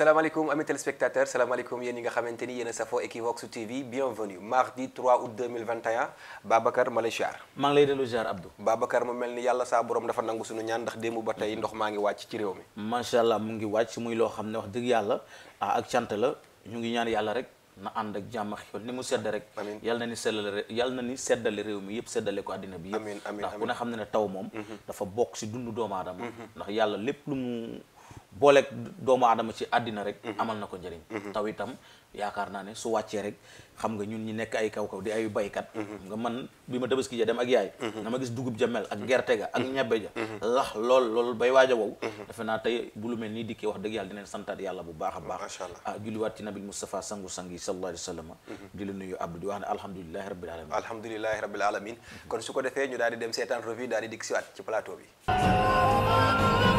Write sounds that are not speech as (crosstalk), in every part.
salaamaaleykum amis téléspectateurs salaamaaleykum yéen ñi nga xamante ni yéen a safoo Equivox TV bienvenue mardi 3 août 2021 Babacar ma lay ziar maa ngi lay dellu ziar Abdou Babacar mu mel ni yàlla saa borom dafa nangu suñu ñaan ndax démb ba tey ndox maa ngi wàcc ci réew mi macha allah mu ngi wàcc muy loo xam ne wax dëgg yàlla ak cant la ñu ngi ñaan yàlla rek na ànd ak jàmm ak ni mu sedd rek yàlla na ni seddale yàlla na ni seddale réew mi yëpp seddale ko àddina bi yëpp ndax ku ne xam ne ne taw moom mhm. dafa bokk si dundu doomu aadama mhm. booleeg doomu aadama ci àddina rek mhm. amal na ko njëriñ mhm. taw itam yaakaar naa ne su wàccee rek xam nga ñun ñi nekk ay kaw kaw di ay baykat mhm. nga man bi ma tabaski ja dem ak yaay dama gis dugub ja mel ak ga ak ñebbe ja lax lool lool bay waaj a wow defe naa tey bu lu mel nii dikkee wax dëgg yàlla dineen santaat yàlla bu baax a baax ah julliwaat ci nabil Mustafa sangu sangi sallallahu alayhi wa sallam di la nuyu Abdou di wax ne alhamdulilahi rabbil alamin alhamdulilahi rabbil alamin kon su ko defee ñu daal di dem seetaan revue daal di dikk siwaat ci plateau bi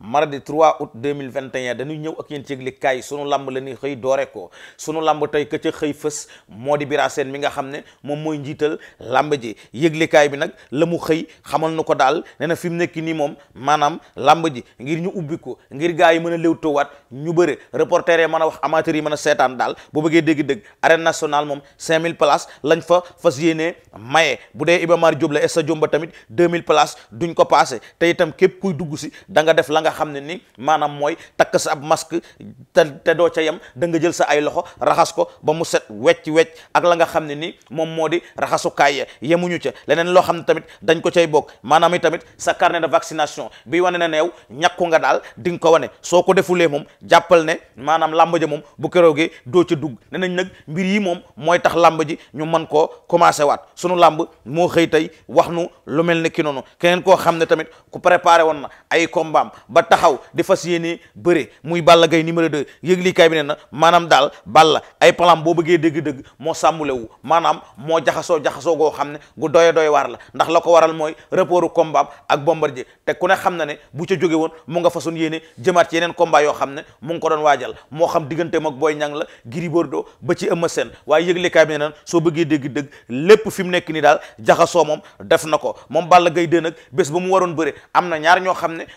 mardi 3 août 2021 dañuy ñëw ak yéen ci yëgle kaay sunu lamb la ñuy xëy doore ko sunu lamb tey ka ca xëy fës moo di Bira mi nga xam ne moom mooy njiital lamb ji yëgle kaay bi nag la mu xëy xamal nu ko daal nee na fi mu nekk nii moom maanaam lamb ji ngir ñu ubbi ko ngir gaa yi mën a léewtoowaat ñu bëre reporter yi mën a wax amateur yi mën a seetaan daal bu bëggee dégg-dégg arène nationale moom 5000 places lañ fa fas yéenee maye bu dee Iba Mar Diop la stade Diop ba tamit 2000 places duñ ko passé te itam képp kuy dugg si da nga def la nga xam ne ni maanaam mooy takk sa ab masque te te doo ca yem da nga jël sa ay loxo raxas ko ba mu set wecc wecc ak la nga xam ne ni moom moo di raxasukaay ya yemuñu ca leneen loo xam ne tamit dañ ko cay bokk maanaam i tamit sa carnet de vaccination bi wane na neew ñàkku nga daal di nga ko wane soo ko defulee moom jàppal ne maanaam làmb ja moom bu keroogee doo ca dugg ne nañ nag mbir yi moom mooy tax làmb ji ñu mën koo commencé waat sunu làmb moo xëy tey wax nu lu mel ni ki noonu keneen koo xam ne tamit ku préparé woon na ay kombaam ba taxaw di fas yéene bëre muy Balla Gaye numéro 2 yëglikaay bi ne na maanaam daal Balla ay plan boo bëggee dëgg-dëgg moo sàmbulewu maanaam moo jaxasoo jaxasoo goo xam ne gu doye doy waar la ndax la ko waral mooy reportu combat ak Bombardier te ku ne xam na ne bu ca jóge woon mu nga fasoon yéene jëmaat ci yeneen combat yoo xam ne mu ngi ko doon waajal moo xam digganteem ak booy Niang la Gris Bordeaux ba ci Eumeu Sène waaye yëglikaay bi ne soo bëggee dëgg-dëgg lépp fi mu nekk ni daal jaxasoo moom def na ko moom Balla Gaye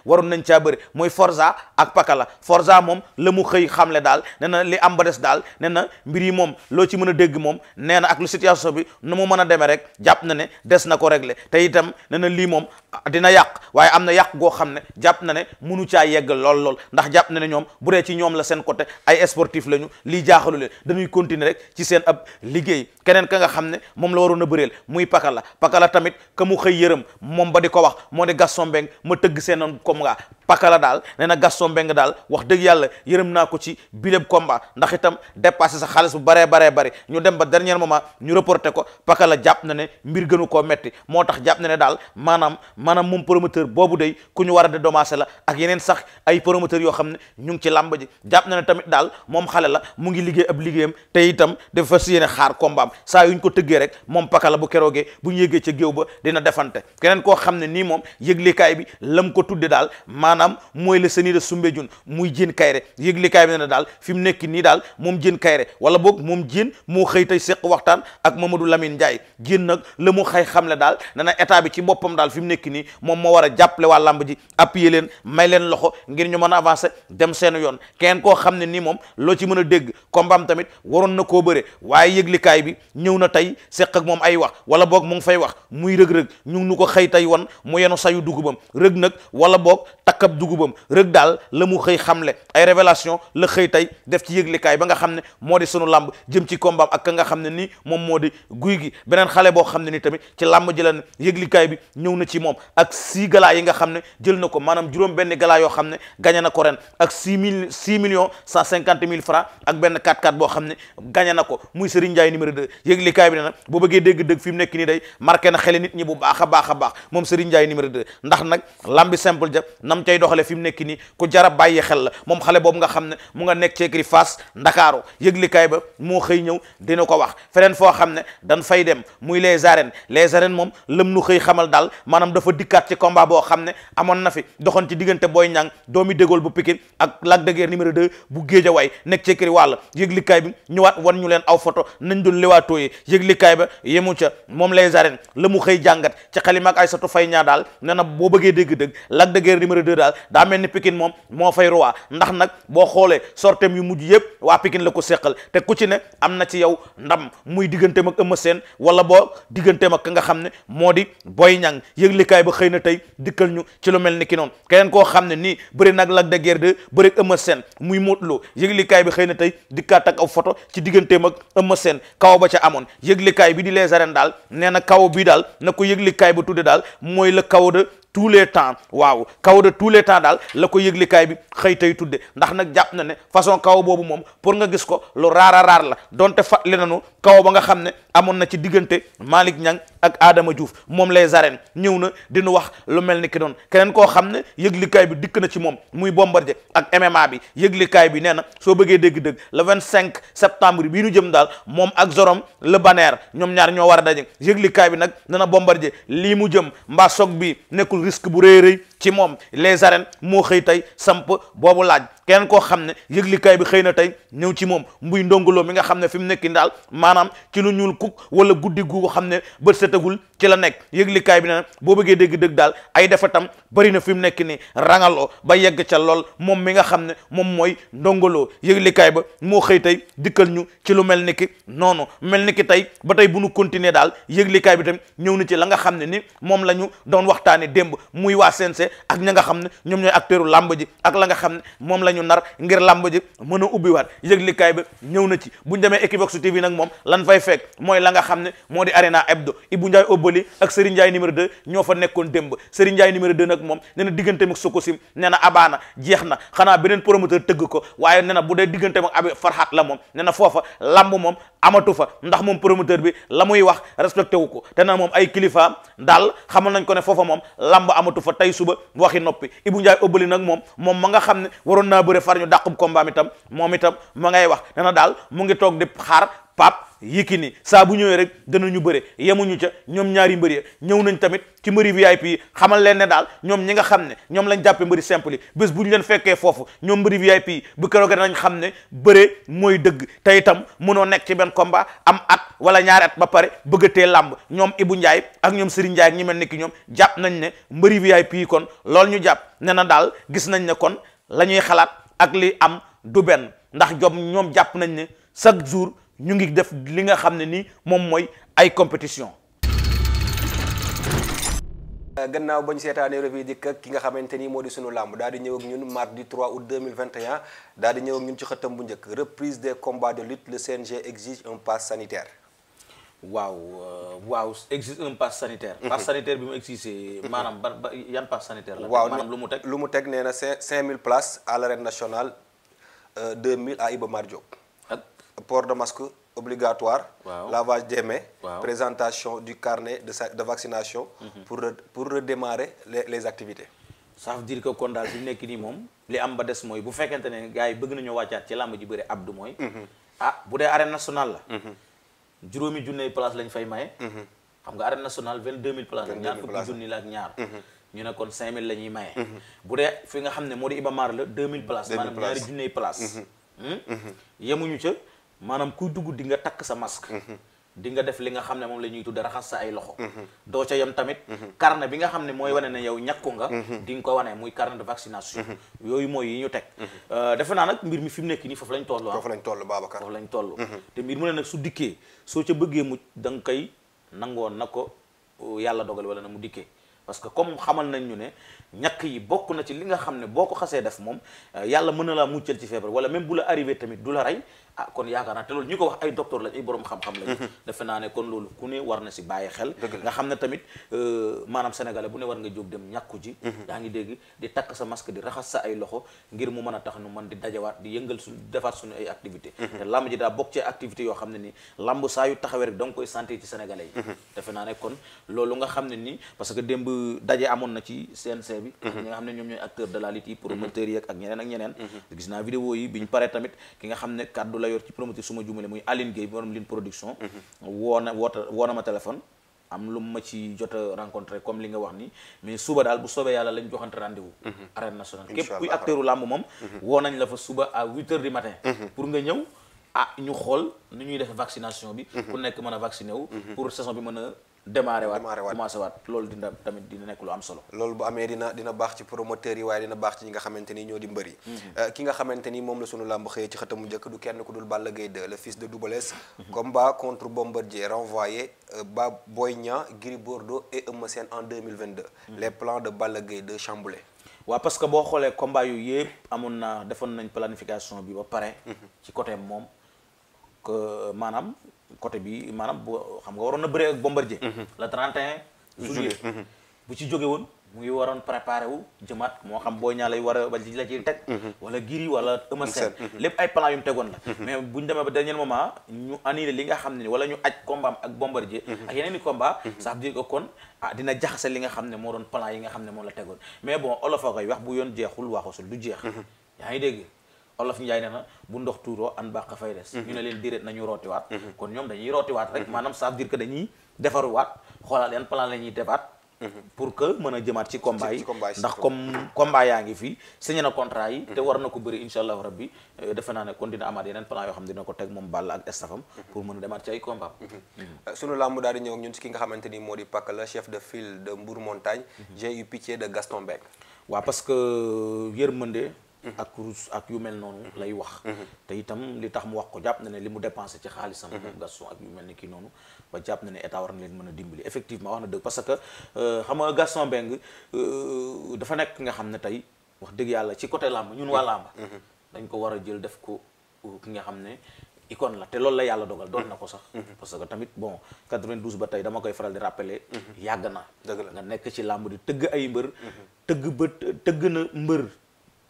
2 ba bëri muy Forza ak paka la Forza moom la mu xëy xamle daal nee li am ba des daal nee na mbir yi moom loo ci mën a dégg moom nee na ak lu situation bi nu mu mën a demee rek jàpp na ne des na ko régler te itam nee na lii moom dina yàq waaye am na yàq goo xam ne jàpp na ne munu caa yegg lool lool ndax jàpp na ne ñoom bu dee ci ñoom la seen côté ay sportif lañu lii jaaxalu leen dañuy continuer rek ci seen ab liggéey keneen ka nga xam ne moom la waroon a bëreel muy paka la Pakala la tamit ka mu xëy yërëm moom ba di ko wax moo di Gaston Mbengue ma tëgg pakala daal nee na Gaston Mbengue daal wax dëgg yàlla yërëm naa ko ci bileb combat ndax itam dépassé sa xaalis bu baree baree bari ñu dem ba dernier moment ñu reporté ko pakala jàpp na ne mbir gënu koo metti moo tax jàpp na ne daal maanaam maanaam moom promoteur boobu day ku ñu war a dédommagé la ak yeneen sax ay promoteurs yoo xam ne ñu ngi ci làmb ji jàpp na tamit daal moom xale la mu ngi liggéey ab liggéeyam tey itam dafa fas yéene xaar combat saa yuñ ko tëggee rek moom pakala bu keroogee bu ñu yëgee ca géew ba dina defante keneen koo xam ne nii moom yëglikaay bi lam ko tudde daal maanaam am mooy le seni de Soumbédioune muy fi mu nekk nii daal moom Diène Kaïré wala boog moom Diène moo xëy tey seq waxtaan ak Mamadou Lamine Ndiaye Diène nag la mu xëy xamle daal ne état bi ci boppam daal fi mu nekk nii moom moo war a jàppale waa làmb ji appuyer leen may leen loxo ngir ñu mën a avancer dem seen yoon kenn koo xam ne nii moom loo ci mën a dégg kombaam tamit waroon na koo bëre waaye yëglikaay bi ñëw na tey seq ak moom ay wax wala boog mu ngi fay wax muy rëg-rëg ñu nu ko xëy tey wan mu yenu sayu dugubam rëg nag wala boog takkab dugubam rëg daal la mu xëy xamle ay révélation la xëy tey def ci yëglekaay ba nga xam ne moo di sunu làmb jëm ci combat ak ka nga xam ne nii moom moo di guy gi beneen xale boo xam ne ni tamit ci làmb ji la ne yëglekaay bi ñëw na ci moom ak six galaa yi nga xam ne jël na ko maanaam juróom benn galaa yoo xam ne gañe na ko ren ak six mille six millions cent cinquante mille francs ak benn 4-4 boo xam ne gañe na ko muy Serigne Ndiaye numéro 2 yëglekaay bi ne nag boo bëggee dégg-dëgg fi mu nekk nii day marqué na xele nit ñi bu baax a baax a baax moom Serigne Ndiaye ndax nag lambi doxale fi mu nekk nii ku jara bàyyi xel la moom xale boobu nga xam ne mu nga nekk ci écurie Ndakaaru yëglikaay ba moo xëy ñëw dina ko wax feneen foo xam ne dan fay dem muy les arènes les arènes moom lëm nu xëy xamal daal maanaam dafa dikkaat ci combat boo xam ne amoon na fi doxoon ci diggante Boy Niang doomi Dégol bu Pikine ak Lac de Guiers numéro 2 bu Guédiawaye nekk ci écurie Walo yëglikaay bi ñëwaat wan ñu leen aw photo nañ doon lewaatoo yi yëglikaay ba yemu ca moom les arènes la mu xëy jàngat ci xalima ak Aïssatou Faye ñaa daal nee boo bëggee dégg-dëgg Lac de Guiers numéro daal daal daa mel ni Pikine moom moo fay roi ndax nag boo xoolee sortem yu mujj yëpp waa Pikine la ko seqal te ku ci ne am na ci yow ndam muy digganteem ak Eumeu Sène wala boo digganteem ak ka nga xam ne moo di Boy Niang yëglikaay ba xëy na tey dikkal ñu ci lu mel ni ki noonu keneen koo xam ne nii bëri nag Lac de Guiers 2 bëri Eumeu muy Modou Lo bi xëy na tey dikkaat ak aw photo ci digganteem ak Eumeu Sène kaw ba ca amoon yëglikaay bi di lee arènes daal nee na kaw bi daal na ko yëglikaay ba tudde daal mooy le kaw de tous les temps d'état daal la ko yëglikaay bi xëy tey tudde ndax nag jàpp na ne façon kaw boobu moom pour nga gis ko lu raara raar la donte fàttali nu kaw ba nga xam ne amoon na ci diggante Malick Niang ak Adama Diouf moom les arènes ñëw na dinu wax lu mel ni ki doon keneen koo xam ne yëglikaay bi dikk na ci moom muy Bombardier ak MMA bi yëglikaay bi nee na soo bëggee dégg-dëgg la vingt cinq septembre bi nu jëm daal moom ak Zorom la baneer ñoom ñaar ñoo war a daje yëglikaay bi nag nee na Bombardier ci moom les arènes moo xëy tey samp boobu laaj keneen koo xam ne yëglikaay bi xëy na tey ñëw ci moom mbuy ndongoloo mi nga xam ne fi mu nekki daal maanaam ci lu ñuul kuk wala guddi gu xam ne bët setagul ci la nekk yëglikaay bi ne boo bëggee dégg dëgg daal ay defa tam bëri na fi mu nekk ni rangaloo ba yegg ca lool moom mi nga xam ne moom mooy ndongoloo yëglikaay ba moo xëy tey dikkal ñu ci lu mel ni ki noonu mel ni ki tey ba tey bu nu continuer daal yëglikaay bi tam ñëw na ci la nga xam ne ni moom la ñu doon waxtaane démb muy waa CNG ak ña nga xam ne ñoom ñooy acteuru làmb ji ak la nga xam ne moom la ñu nar ngir làmb ji mën a ubbiwaat yëglikaay bi ñëw na ci buñ demee Equivox TV nag moom lan fay fekk mooy la nga xam ne moo di arina Arena Hebdo Ibou Ndiaye Obali ak Serigne Ndiaye numéro 2 ñoo fa nekkoon démb Serigne Ndiaye numéro 2 nag moom nee na diggante mag Sokosim nee na abaana jeex na xanaa beneen promoteur tëgg ko waaye nee na bu dee diggante mag abi farxaat la moom nee na foofa làmb moom amatu fa ndax moom promoteur bi la muy wax respecté wu ko te moom ay kilifaam daal xamal nañ ko ne foofa moom làmb amatu fa tey suba waxi noppi Ibou Ndiaye ëbbali nag moom moom ma nga xam ne waroon naa bëre far ñu dàqub combat mi tam moom itam ma ngay wax dana daal mu ngi toog di xaar Pape ni saa bu ñëwee rek danañu bëre yemuñu ca ñoom ñaari mbër ñëw nañ tamit ci mbëri VIP yi xamal leen ne daal ñoom ñi nga xam ne ñoom lañ jàppe mbëri simple bés bu leen fekkee foofu ñoom mbëri VIP yi bu keroog nañ xam ne bëre mooy dëgg te itam mënoo nekk ci benn combat am at wala ñaari ba pare bëggatee làmb ñoom Ibou Ndiaye ak ñoom Serigne Ndiaye mel ni ki ñoom jàpp nañ ne mbëri VIP yi kon loolu ñu jàpp ne na daal gis nañ ne kon la ñuy xalaat ak li am du benn ndax jom ñoom jàpp nañ ne chaque jour ñu ngi def li nga xam ne ni moom mooy ay compétition gannaaw ba ñu seetaanee revue dikk ki nga xamante ni moo di sunu làmb daal di ñëw ak ñun mardi 3 août 2021 daal di ñëw ak ñun ci xëttam bu njëkk reprise des combats de lutte le CNG exige un pass sanitaire. waaw euh, waaw exige un pass sanitaire. Mhm. pass sanitaire bi mu exige maanaam ba yan pass sanitaire la. waaw maanaam lu mu teg lu mu teg nee na 5000 places à l'arène nationale 2000 euh, à Iba Mar Diop. port de masque obligatoire. Wow. lavage des mains. Wow. présentation du carnet de sa de vaccination. Mm -hmm. pour pour redémarrer les les activités. ça veut dire que kon daal fi mu nekk nii moom li am ba des mooy bu fekkente ne gars yi bëgg nañoo wàccaat ci làmb ji bëri abdu mooy. Mhm. ah bu dee arène nationale la. Mhm. juróomi junne place lañ fay maye. Mhm. xam nga arène nationale vingt la ñaar fukki junni la ak ñaar. ñu ne kon cinq mille la ñuy maye. bu ne moo di Iba Mar hmm? yemuñu ca. maanaam kuy dugg di nga takk sa masque. Mhm. di nga def li nga xam ne moom la ñuy dara xas sa ay loxo mhm. doo ca yem tamit mhm. carnet bi nga xam ne mooy wane ne yow ñàkku nga di nga ko wane muy carnet de vaccination yooyu mooy yi ñu teg euh, defe naa nag mbir mi fi mu nekk nii foofu lañ toll ah. foofu lañ toll Babacar foofu lañ toll te mbir mu ne nag su dikkee soo ca bëggee mucc da nga koy nangoon na ko euh, yàlla dogal wala na mu dikkee parce que comme xamal nañ ñu ne ñàkk yi bokk na ci li nga xam ne boo ko xasee def moom euh, yàlla mën na laa muccal ci feebar wala même bu la arrivé tamit du la rey ah kon yaakaar naa te loolu ñu ko wax ay docteur lañ ay borom xam-xam lañ mm-hmm. defe naa ne kon loolu ku ne war na si bàyyi xel nga xam ne tamit euh, maanaam sénégalais bu ne war nga jóg dem ñàkku ji mm-hmm. yaa a tax nu man di dajawaat mm-hmm. nga koy santé yi defe naa ne kon loolu nga xam ne ni parce que démb daje amoon na ci CNC bi ñi nga xam ne ñoom ñooy acteur de yi promoteurs yi ak ñeneen ak ñeneen gis naa vidéo yi biñu paree tamit ki nga xam ne kaddu la yor ci promoteur suma jumale muy Aline Gueye borom line production woo na woota woo ma téléphone am lu ma ci jot a rencontré comme li nga wax ni mais suba daal bu soobee yàlla lañ joxante rendez-vous mm-hmm. nationale képp kuy acteuru làmb moom mm-hmm. woo nañ la fa suba à huit heures du matin mm-hmm. pour nga ñëw ah ñu xool nu ñuy def vaccination bi ku nekk mën a vacciné pour saison bi mën a démarré waat démarré waat loolu dina tamit dina nekk lu am solo loolu bu amee dina dina baax ci promoteurs yi waaye dina baax ci ñi nga xamante ni ñoo di mbëri mhm. euh, ki nga xamante ni moom la sunu làmb xëyee ci xëtamu njëkk du kenn ku dul Balla Gaye 2 le fils de Double Less mhm. combat contre Bombardier renvoyé euh, ba Boy Niang Gris Bordeaux et Eumeu Sène en 2022 mhm. les de Balla Gaye 2 chamboulés waaw parce que boo xoolee combat yu yëpp amoon naa defoon nañ planification bi ba pare ci côté moom euh, maanaam coté bi maanaam bu xam nga waroon na bëree ak Bombardier. Mhm. le 31 juillet. Mhm. bu ci jóge woon mu ngi waroon préparé wu jëmaat moo xam boo ñaa lay war a ba la ci teg. Mhm. wala giri wala Eumeu Sène. lépp ay plan yu mu tegoon la. mais bu ñu demee ba dernier moment ñu annulé li nga xam ne wala ñu aj combat ak Bombardier. ak yeneen i combat. sax veut dire que kon ah dina jaxase li nga xam ne moo doon plan yi nga xam ne moom la tegoon mais bon olof a koy wax bu yoon jeexul waxusul jeex. yaa ngi dégg. olof njaay ne na bu ndox tuuroo an bàq fay des mhm. ñu ne leen direet nañu rootiwaat mhm. kon ñoom dañuy rootiwaat rek mhm. maanaam ça veut dire que dañuy defaruwaat xoolaat yan plan la ñuy defaat pour que mën a jëmaat ci combat yi comme combat yaa ngi fii signé na contrat yi te war na ko bëri insha allahu rabbi euh, defe naa ne kon dina amaat yeneen plan yoo xam dina ko teg moom Balla ak staffam pour mën a demaat ci ay combat euh, sunu làmb daal di ñëw ñun ci ki nga xamante ni moo di Pakala la chef de file de Mbour Montagne j'ai eu pitié de Gaston Mbengue waaw parce que euh, yërmande ak kurus ak yu mel noonu mhm. lay wax mhm. te itam li tax mu wax ko jàpp na ne li mu dépensé ci xaalisam mhm. moom Gaston ak yu mel ni kii noonu ba jàpp na ne état war na leen mën a dimbali effectivement wax na dëgg parce que euh, xam nga Gaston Mbengue euh, dafa nekk nga xam ne tey wax dëgg yàlla ci côté làmb ñun waa dañ ko war a jël def ko euh, ki nga xam ne icône la te loolu la yàlla dogal doon na ko sax parce que tamit bon 92 ba tey dama koy faral di rappeler yàgg na nga nekk ci làmb di tëgg ay mbër tëgg ba tëgg na mbër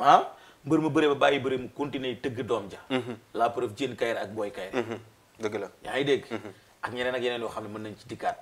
ah. mbër mu bëre ba bàyyi bëre mu continuer tëgg doom ja mhm. la preuve jën kayre ak booy kayre mhm. dëgg la yaa ngi dégg mhm. ak ñeneen ak yeneen yoo xam ne mën nañ ci dikkaat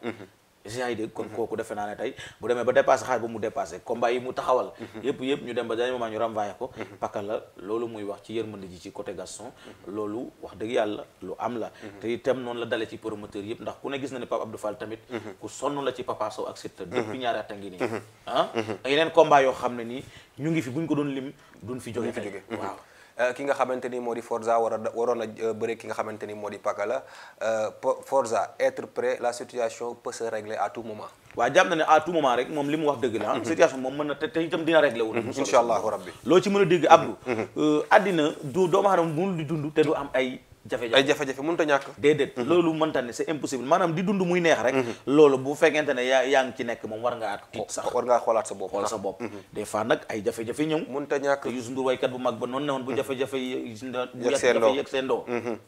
si ay dégg kon kooku defe naa ne tey bu demee ba dépassé xaar ba mu dépassé combat yi mu taxawal mhm. yëpp yëpp ñu dem ba dernier moment ñu renvoyé ko mhm. paka la loolu muy wax ci yërmande ji ci côté Gaston mhm. loolu wax dëgg yàlla lu am la te itam noonu la dale ci promoteur yëpp ndax ku ne gis na ne Pape Abdou Fall tamit ku sonn la ci Papa Sow ak Siteu depuis ñaari a ngi nii ah yeneen combat yoo xam ne nii ñu ngi fi buñ ko doon lim duñ fi jóge tey waaw Euh, ki nga xamante ni moo di Forza war a waroon a euh, bëre ki nga xamante ni moo di Pakala euh, Forza être prêt la situation peut se régler à tout moment. waaw jàpp na ne à tout moment rek moom li mu wax dëgg la mhm. situation moom mën na te te itam dina réglé wu. Mhm, incha allahu rabbi loo ci mën a dégg Abdou. Mhm. àddina du doomu aadama mënul di dund te du am ay. jafe-jafe mun ta jafe mënut a ñàkk déedéet mhm. loolu mënta ne c'est impossible maanaam di dund muy neex rek mhm. loolu bu fekkente ne yaa yaa ngi ci nekk moom war ngaa tiit sax war ngaa xoolaat sa bopp xool sa bopp mhm. des nag ay jafe-jafe ñëw mënut a ñàkk Youssou Ndour waykat bu mag ba noonu ne bu jafe-jafe yi yëg seen doo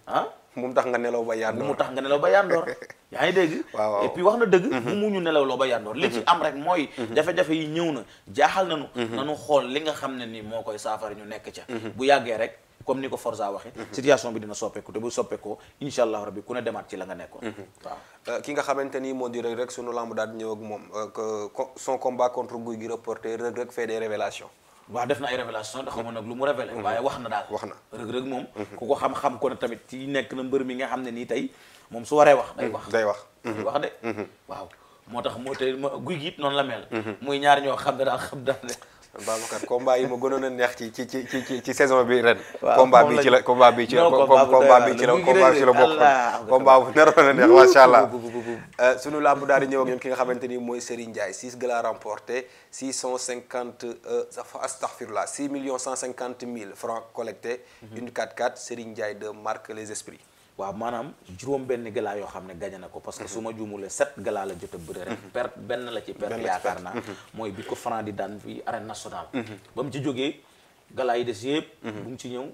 ah bu tax nga nelaw ba yandoor bu mu tax nga nelaw ba yandoor (laughs) yaa ngi dégg waaw et puis wax na dëgg bu mu ñu nelaw loo ba yandoor li ci am rek mooy jafe-jafe yi ñëw na jaaxal na nu nañu xool li nga xam ne nii moo koy saafara ñu nekk ca bu yàggee rek comme ni ko Forza waxee situation bi dina soppeeku te bu soppeekoo incha allah rabbi ku ne demaat ci la nga nekkoon mhm. waaw euh, ki nga xamante ni moo di Reug Reug sunu euh, na da xamoon nag mhm. mhm. ko xam-xam na tamit ci mi nga xam ne nii tey moom su waree wax day wax day wax day wax de waaw moo tax moo tey guy gi it noonu la mel muy ñaar ñoo xam ne daal xam daal Babacar combat yi ma gënoon a neex ci ci ci ci ci saison bi ren. waaw combat bi ci la combat bi ci la combat bi ci la combat bi bokk. combat bu naroon neex macha allah. Euh, sunu lamb daal di ñëw ak ki nga xamante ni mooy Serigne Ndiaye 6 gala remporté 650 euh, astaghfirullah million millions 150 mille francs collectés. Mhm. une 4-4 Serigne Ndiaye de marque les esprits. waaw maanaam juróom benn galaa yoo xam ne gañe na ko parce mhm. su ma juumulee sept galaa la jot a bëre rek mhm. perte benn la ci perte yaakaar naa mhm. mooy bi ko Franc di daan fi arène nationale ba mu ci jógee galaa yi des yëpp bu mu ci ñëw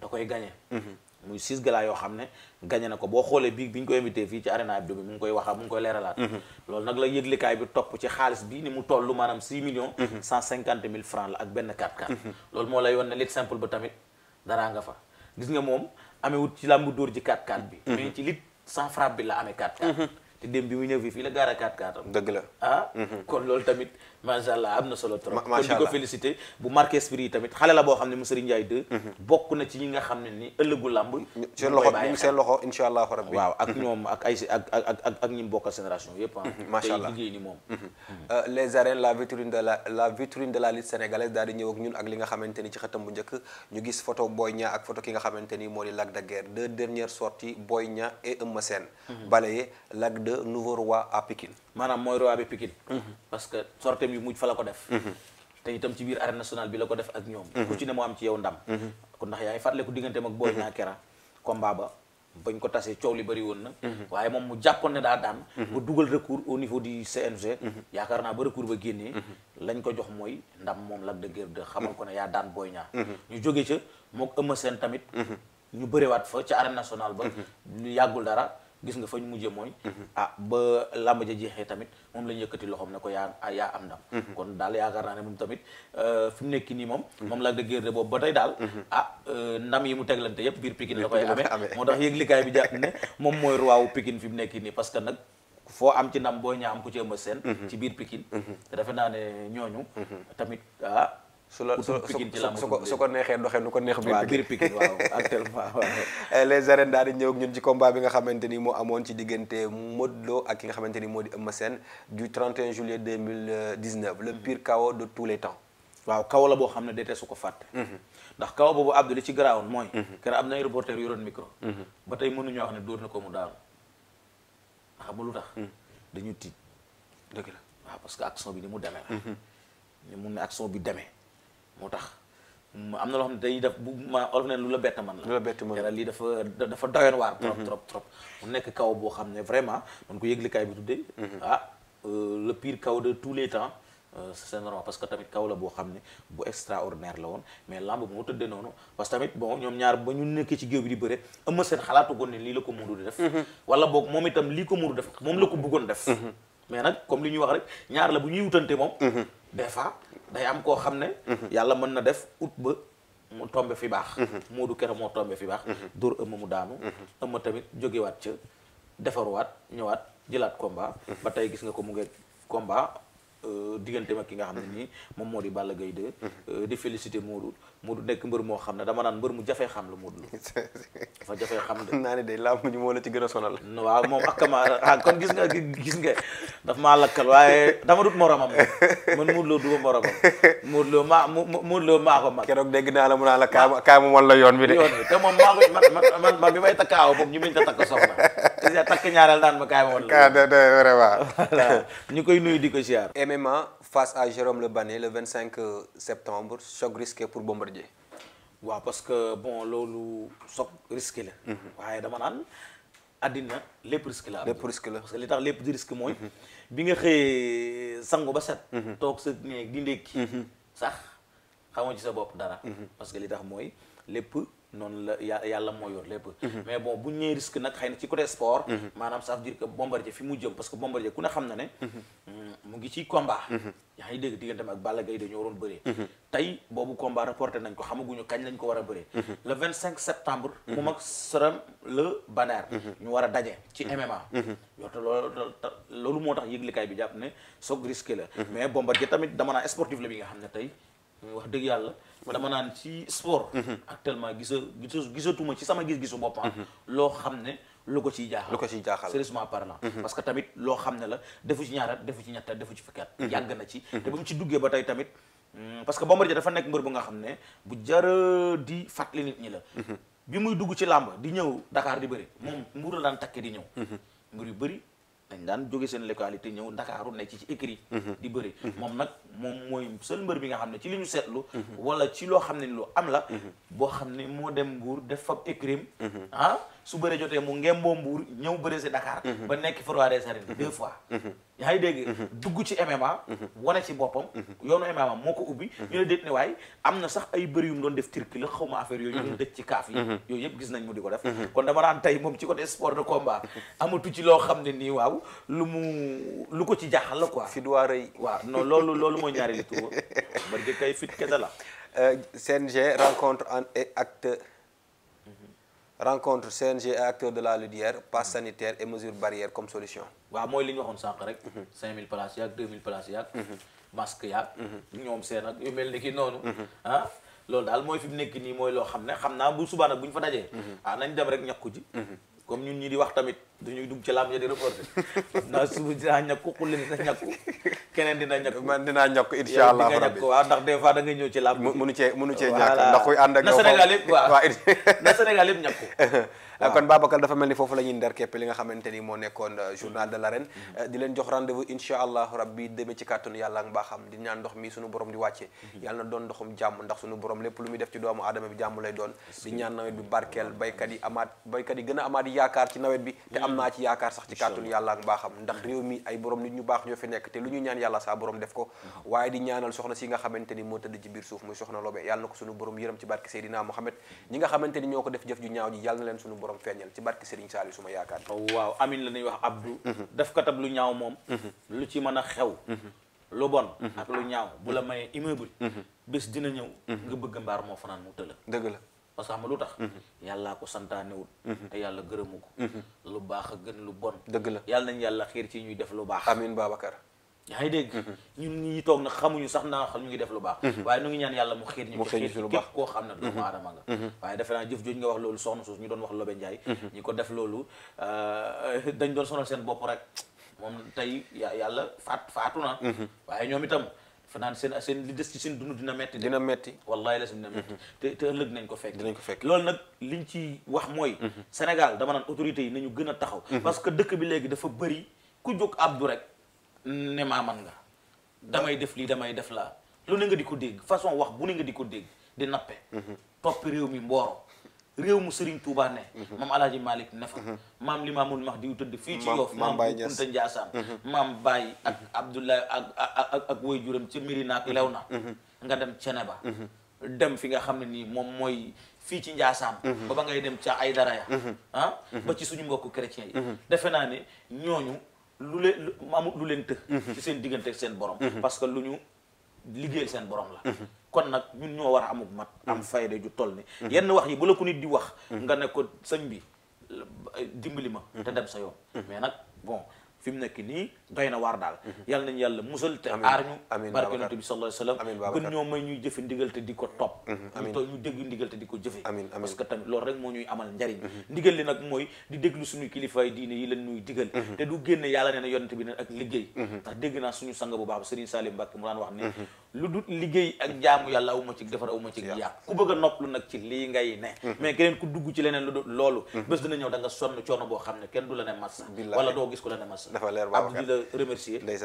da koy gañe muy six galaa yoo xam ne gañe na ko boo xoolee bi bi ñu ko invité fii ci arena hebdo bi mu ngi koy waxaat mu ngi koy leeralaat loolu nag la yëglikaay bi topp ci xaalis bi ni mu toll maanaam six millions cent amewut ci làmbu dóor ji 4-4 bi. Mhm. mais ci lit sans frappe bi la amee 4-4. Mhm. te dem bi mu ñëw fii la gaara 4-4 am. dëgg la ah. Mhm. kon loolu tamit macha allah am na solo trop kon di ko félicité bu boo xam ne mu Serigne Ndiaye 2 mhm. bokk na ci ñi nga xam ne ni ëllëgu làmb seen loxo ñu ngi seen loxo insha allahu rabbi waaw ak ñoom ak ay ak ak ak ak ñi bokkal génération yépp ah. mhm, macha allah ni moom mhm. Euh, les arènes la vitrine de la la vitrine de la lutte sénégalaise daal di ñëw ak ñun ak li nga xamante ni ci xëtam bu njëkk ñu gis photo Boy Niang ak photo ki nga xamante ni moo di Lac de Guiers deux dernières sorties Boy Niang et Eumeu Sène balayé Lac de nouveau roi à Pikine maanaam mooy roi bi Pikine mhm. parce que sortem yu mujj fa la ko def mhm. te itam ci biir arène nationale bi la ko def ak ñoom mhm. ku ci ne moo am ci yow ndam kon ndax yaa fàttale ko digganteem ak Boy Niang Kera combat ba bañ ko tasee coow li bëri woon na waaye moom mu jàppoon ne daa daan ba dugal recours niveau du CNG naa ba recours ba génnee lañ ko jox mooy ndam moom Lac de Guiers ko ne yaa daan Boy Niang ñu jóge ca mook Eumeu Sène tamit ñu bëriwaat fa ci arène national ba ñu yàggul dara gis nga fañ mujje mooy mhm. ah ba làmb ja jeexee tamit moom lañu yëkkati loxoom ne ko yaa ah, yaa am ndam mhm. kon daal yaakaar naa ne moom tamit euh, fi mu nekk nii moom mhm. moom Lac de Guiers de boobu ba tey daal ah euh, mu teglante yépp biir Pikine la koy amee moo bi jàpp ne moom mooy ruwaawu Pikine fi mu nekk nii parce que nag foo am ci ndam boo ñaa am ku ci ëmb seen ci biir Pikine te defe naa ne ñooñu tamit ah, su la su ko su ko neexee doxee nu ko neex. biir Pikine waaw actuellement waaw. (laughs) Eh, les arènes daal di ñëw ñun ci combat bi nga xamante ni moo amoon ci diggante Modou Lo ak ki nga xamante ni moo di Eumeu seen du 31 juillet 2019 le pire KO de tous les temps. waaw kaw la boo xam ne dete su ko fàtte mhm. ndax kaw boobu Abdou li ci garaawoon mooy mhm. kër am na ay reporter yu yoroon micro mhm. ba tey mënuñu ax ne dóor na ko mu daanu xam nga lu tax dañu tiit dëgg la waaw parce que action bi ni mu demee la ni mun ne action bi demee moo tax am na loo xam ne dañuy def bu ma olof lu la bett man la. lu lii dafa dafa doyoon waar. trop mhm. trop nekk kaw boo xam ne vraiment man ko yëglikaay bi tuddee. Mhm. ah euh, le pire kaw de tous les temps. Euh, c'est normal parce que kaw la boo xam ne bu extraordinaire la woon mais lamb moo tëddee noonu parce que tamit bon ñoom ñaar ba ñu nekkee ci géew bi di la ko mhm. wala boog moom itam lii ko Modou def moom la ko bëggoon def mais nag comme li ñuy wax rek ñaar la bu ñuy wutante moom des fois day am koo xam ne. yàlla mën na def ut ba mu tombe fi baax. du Kera moo tombe fi baax. dóor ëmm mu daanu. ëmm tamit jógewaat ca defaruwaat ñëwaat jëlaat combat. ba tey gis nga ko mu ngi combat. Euh, diggante ak ki nga xam ne nii moom moo di Balla Gaye 2 euh, di félicité Modou Modou nekk mbër moo xam ne dama naan mbër mu jafe xam la Modou dafa jafee xam de (laughs) naa ne day làmb ñu moo la ci gën a sonal (laughs) waaw moom ak kama ah gis nga gis nga daf maa lakkal waaye dama dut moromam man Modou Lo duma moromam Modou Lo maa Modou Lo maa ko mag keroog dégg naa la mu naa la kaa ah. kaa mu wan la yoon bi de yoon bi te moom maa ko man man bi may takkaaw moom ñu muñ ta takk soxna dèjà takk ñaareel daan ma kaay ma woon. ñu koy nuyu di ko ziar. MMA face à Jérôme Le Banné le 25 septembre choc risqué pour Bombardier. waaw parce que bon loolu choc risqué la. Mhm. waaye dama naan àddina lépp risque la. lépp risque la parce li tax lépp di risque mooy. Mhm. bi nga xëyee sangu ba set. Mhm. toog sa néeg di ndékki. sax xamoo ci sa bopp dara. parce que li tax mooy lépp. noonu la yàlla yàlla moo yor lépp. Mhm. mais bon bu ñëwee risque nag xëy na ci côté sport. Mhm. maanaam ça veut dire que Bombardier fi mu jëm parce que Bombardier ku ne xam na ne. Mhm. Mm, mu ngi ci combat. yaa ngi dégg digganteem ak Balla Gaye dañoo waroon bëree. tey boobu combat reporté nañ ko xamaguñu kañ lañ ko war a bëree. le 25 septembre. mu mag sërëm le Banar. ñu war a daje ci MMA. yow te loolu loolu moo tax yëglikaay bi jàpp ne soog risqué la. mais Bombardier tamit dama naa sportif la bi nga xam ne tey. wax dëgg yàlla dama naan ci sport mhm. actuellement gisa gisa gisatuma ci sama gis-gisu boppam ah. mhm. loo xam ne lu ko ciy jaaxal lu ko ciy jaaxal sérieusement parlant mhm. parce que tamit loo xam ne la defu ci ñaarat defu ci ñetta defu ci fukkat yàgg na ci te bu mu ci duggee ba tey tamit hmm, parce que Bombardier dafa nekk mbër bu nga xam ne bu jara di li nit ñi la bi muy dugg ci làmb di ñëw dakaar di bëri moom mbuur la daan takke di ñëw mbër yu bëri dañ daan jóge seen localité ñëw ndakaaru ne ci ci écrit mhm. di bëri mhm. moom nag moom mooy seul mbër bi nga xam ne ci li ñu seetlu mhm. wala ci loo xam ne lu am la boo xam ne moo dem mbuur def fab écrim ah su bëree jotee mu ngemboo mbuur ñëw bëre si Dakar ba nekk Roi des Arènes fois yaa ngi dégg. dugg ci MMA. wane ci boppam. yoonu MMA moo ko ubbi. ñu ne déet ne waay am na sax ay bëri yu mu doon def turki la xaw ma affaire yooyu. ñu dëj ci kaaf yi. yooyu yëpp gis nañ mu di ko def. kon dama naan tey moom ci côté sport de combat amatu ci loo xam ne nii waaw lu mu lu ko ci jaaxal la quoi. fi doit rëy waaw non loolu loolu mooy ñaareelu tur ba. kay fit kese la. CNG rencontre ak acteur. rencontre CNG acteurs de la lutte hier passe sanitaire et mesures barrières comme solution. waaw mooy li ñu waxoon sànq rek. 5000 mhm. places yaag 2000 places yaag. Mhm. masque yaag. Mhm. ñoom seen ak yu mel ni ki noonu. ah loolu daal mooy fi mu nekk nii mooy loo xam ne xam naa bu subaa nag bu ñu fa dajee. ah nañ dem rek ñàkku ji. comme ñun ñi di wax tamit dañuy dugg ci laam ya di reporté (laughs) naa suba dinaa ñàkku xulli na ñàkku. keneen dina ñàkk man dinaa ñàkk incha allah rabbi waaw ah, ndax des fois da ñëw ci làmb mënu cee mënu cee ñàkk ndax kuy ànd ak na Sénégal yëpp waaw (laughs) foofu la ñuy ndar li nga xamante ni moo nekkoon euh, journal de l'arène mm-hmm. euh, di leen jox rendez-vous incha allah rabbi demee ci kàttanu yàlla ñaan ndox mi suñu borom di wàccee mm-hmm. yàlla na doon ndoxum jàmm ndax suñu borom lépp lu muy def ci doomu aadama bi jàmm lay doon di ñaan a amaat yaakaar bi te am mm. naa ci yaakaar sax ci kàttanu yàlla ak ndax mm-hmm. réew mi ay borom nit ñu baax ñoo fi nekk te lu ñu ñaan yàlla saa borom def ko waaye di ñaanal soxna si nga xamante ni moo tëdd ci biir suuf muy soxna Lobé yàlla na ko sunu borom yërëm ci barke Seydina Mohamed ñi nga xamante ni ñoo ko def jëf ju ñaaw yàlla leen sunu borom feeñal ci barke Serigne Saliou suma yaakaar waaw amin la ñuy wax Abdou def katab lu ñaaw moom lu ci mën a xew lu bon ak lu ñaaw bu la mayee immeuble bés dina ñëw nga bëgg mbaar moo fanaan mu tëla dëgg la parce xam lu tax yàlla ko a yaa ngi dégg mm-hmm. ñun ñi toog na xamuñu sax naa xam ñu ngi def lu baax mm-hmm. waaye nu ngi ñaan yàlla mu xeet ñu ci xeet képp koo xam ne doomu mm-hmm. aadama nga waaye defe naa jëf jooju nga wax loolu soxna suus ñu doon wax Lobe Njaay loolu euh, dañ doon sonal seen bopp rek moom tey yàlla faat faatu na waaye ñoom itam fanaan seen seen li des ci seen dund dina metti dina metti wallahi la dina metti te te ëllëg nañ ko fekk dinañ ko fekk loolu nag liñ ci wax mooy Sénégal dama naan autorités yi nañu gën a taxaw parce que dëkk bi léegi dafa bëri ku jóg abdu rek ne maa man nga damay def lii damay def laa lu ne nga di ko dégg façon wax bu ne nga di ko dégg di nappe mhm. topp réew mi mbooro réew mu Serigne Touba ne mhm. maam alaaji Malick ne fa mhm. maam Limaamul Mahdi yu tëdd fii ci Yoff maam Kunta Njaasaan maam Baye ak Abdoulaye ak ak ak woy juram ca Mirina ak lew na nga dem Ceneba dem fi nga xam ne nii moom mooy fii ci Njaasaan ba ba ngay dem ca ay dara ya ah? ba ci suñu mbokku chrétien yi defe naa ne ñooñu lu leen amul lu leen të mhm. ci seen diggante ak seen borom mhm. parce que lu ñu liggéeyal seen borom la mhm. kon nag ñun ñoo war a amuk mat am fayda ju toll ni yenn wax yi bu la ko nit di wax nga ne ko sëñ bi dimbali ma te dem sa yoon mais nag bon fi mu nekk nii doy na waar daal mhm. yàlla nañu yàlla musal te aar ñu barke yonent bi sallallahu alayhi wasallam gën ñoo ko topp mhm, ñu toog ñu dégg ndigal te di ko jëfe parce que tamit loolu rek moo ñuy amal njariñ mhm. ndigal li nag mooy di déglu suñu kilifaay diine yi lan digal te du génne yàlla nee na yonent bi ne ak liggéey ndax dégg naa suñu sang bu baax Serigne Salim Mbacke mu daan wax ne lu dul liggéey ak jaamu yàlla awuma ci defar awuma ci yàq ku bëgg a nopplu nag ci lii ngay ne mm-hmm. mais keneen ku dugg ci leneen lu dul loolu mm-hmm. bés dina ñëw danga nga sonn coono boo xam ne kenn du la ne massa wala doo ko la ne massa dafa leer Babacar am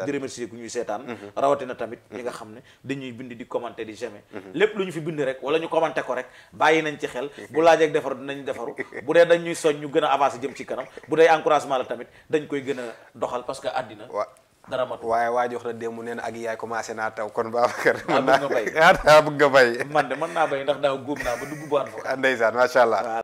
di la ku ñuy seetaan mm-hmm. rawatina tamit ñi nga xam ne dañuy bind di commenter di jamais lépp lu ñu fi bind rek wala ñu commenter ko rek bàyyi nañ ci xel bu laajee defar dinañ defaru (laughs) bu dee dañ ñuy soñ ñu gën a avancer jëm ci kanam bu dee encouragement la tamit dañ koy gën a doxal parce que àddina dara matul waaye waa ji wax na démb nee na ak yaay commencé naa taw kon Babacar. mën ah, naa bëgg nga bay ah (laughs) daa nga bay. man de man naa bay ndax daaw góob naa ba dugg bu ànd fa. ndeysaan macha allah.